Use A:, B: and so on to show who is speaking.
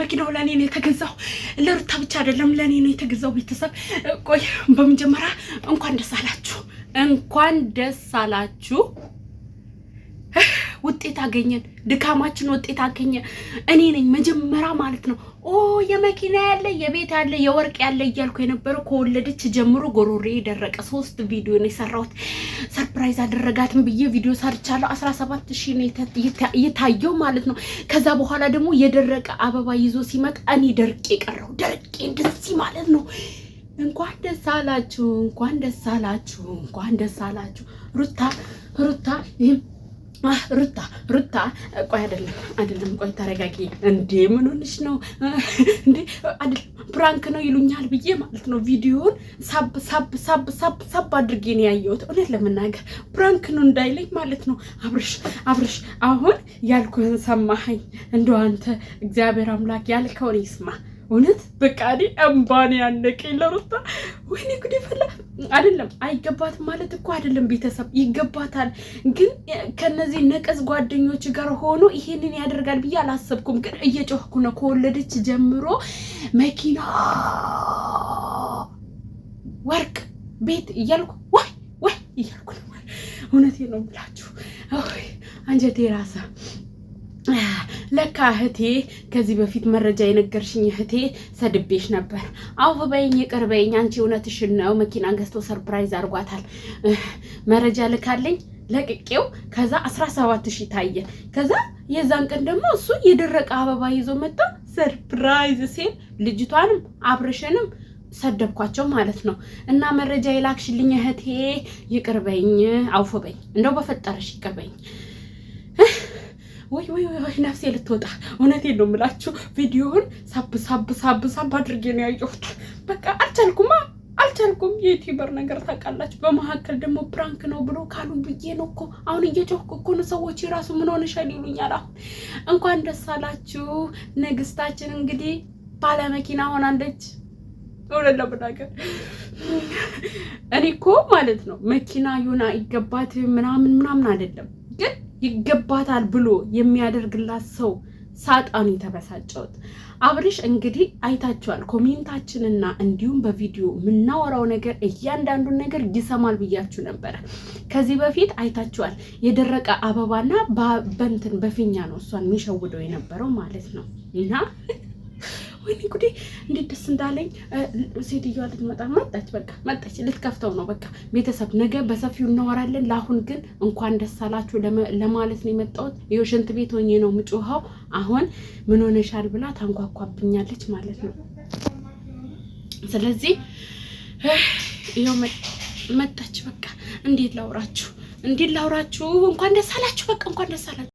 A: መኪናው ለእኔ ነው የተገዛው። ለሩታ ብቻ አይደለም ለእኔ ነው የተገዛው። ቤተሰብ ቆይ፣ በመጀመሪያ እንኳን ደስ አላችሁ፣ እንኳን ደስ አላችሁ። ውጤት አገኘን፣ ድካማችን ውጤት አገኘ። እኔ ነኝ መጀመሪያ ማለት ነው ኦ የመኪና ያለ የቤት ያለ የወርቅ ያለ እያልኩ የነበረው ከወለደች ጀምሮ ጎሮሬ ደረቀ። ሶስት ቪዲዮ ነው የሰራሁት። ሰርፕራይዝ አደረጋትም ብዬ ቪዲዮ ሰርቻለሁ። አስራ ሰባት ሺ ነው የታየው ማለት ነው። ከዛ በኋላ ደግሞ የደረቀ አበባ ይዞ ሲመጣ እኔ ደርቄ የቀረው ደርቄ እንደዚህ ማለት ነው። እንኳን ደስ አላችሁ፣ እንኳን ደስ አላችሁ፣ እንኳን ደስ አላችሁ ሩታ ሩታ ሩታ ሩታ ቆይ፣ አይደለም አይደለም፣ ቆይ ተረጋጊ። እንዴ ምን ሆነሽ ነው እንዴ? አይደለም ፕራንክ ነው ይሉኛል ብዬ ማለት ነው ቪዲዮውን ሳብ ሳብ ሳብ ሳብ ሳብ አድርጌ ነው ያየሁት። እውነት ለመናገር ፕራንክ ነው እንዳይለኝ ማለት ነው። አብርሽ አብርሽ፣ አሁን ያልኩህን ሰማኸኝ? እንደው አንተ እግዚአብሔር አምላክ ያልከውን ይስማ። እውነት በቃ እኔ እምባን ያነቀኝ ለሩታ ወይኔ ጉዴ ፈላ። አይደለም አይገባትም ማለት እኮ አይደለም፣ ቤተሰብ ይገባታል። ግን ከነዚህ ነቀዝ ጓደኞች ጋር ሆኖ ይሄንን ያደርጋል ብዬ አላሰብኩም። ግን እየጮህኩ ነው ከወለደች ጀምሮ መኪና፣ ወርቅ፣ ቤት እያልኩ ወይ ወይ እያልኩ ነው። እውነቴ ነው ብላችሁ አንጀቴ ራሳ ለካ እህቴ ከዚህ በፊት መረጃ የነገርሽኝ እህቴ ሰድቤሽ ነበር። አውፍ በይኝ፣ ይቅር በይኝ። አንቺ እውነትሽን ነው። መኪና ገዝቶ ሰርፕራይዝ አድርጓታል። መረጃ ልካለኝ ለቅቄው ከዛ 17 ሺህ ታየ። ከዛ የዛን ቀን ደግሞ እሱ የደረቀ አበባ ይዞ መጣ። ሰርፕራይዝ ሲል ልጅቷንም አብርሽንም ሰደብኳቸው ማለት ነው። እና መረጃ የላክሽልኝ እህቴ ይቅርበኝ፣ በይኝ፣ እንደው በፈጠረሽ ይቅርበኝ። ወይ ወይ ወይ ነፍሴ ልትወጣ። እውነቴን ነው የምላችሁ፣ ቪዲዮውን ሳብ ሳብ ሳብ ሳብ አድርጌ ነው ያየሁት። በቃ አልቻልኩማ አልቻልኩም። የዩቲዩበር ነገር ታውቃላችሁ። በመካከል ደግሞ ፕራንክ ነው ብሎ ካሉ ብዬ ነው እኮ አሁን እየጮኩ እኮ ነው። ሰዎች የራሱ ምን ሆነሻል ይሉኛል። አሁን እንኳን ደስ አላችሁ። ንግስታችን እንግዲህ ባለመኪና ሆናለች። እውነት ለመናገር እኔ እኮ ማለት ነው መኪና ዩና ይገባት ምናምን ምናምን አይደለም ይገባታል ብሎ የሚያደርግላት ሰው ሳጣኑ የተበሳጨውት አብርሽ እንግዲህ አይታችኋል። ኮሜንታችንና እንዲሁም በቪዲዮ የምናወራው ነገር እያንዳንዱን ነገር ይሰማል ብያችሁ ነበረ። ከዚህ በፊት አይታችኋል። የደረቀ አበባና በእንትን በፊኛ ነው እሷን የሚሸውደው የነበረው ማለት ነው እና ወይኔ ጉዴ እንዴት ደስ እንዳለኝ። ሴትዮዋ ልትመጣ መጣች፣ በቃ መጣች፣ ልትከፍተው ነው። በቃ ቤተሰብ ነገ በሰፊው እናወራለን። ለአሁን ግን እንኳን ደስ አላችሁ ለማለት ነው የመጣሁት። የሽንት ቤት ሆኜ ነው ምጮኸው። አሁን ምን ሆነሻል ብላ ታንኳኳብኛለች ማለት ነው። ስለዚህ ይኸው መጣች። በቃ እንዴት ላውራችሁ እንዴት ላውራችሁ። እንኳን ደስ አላችሁ። በቃ እንኳን ደስ አላችሁ።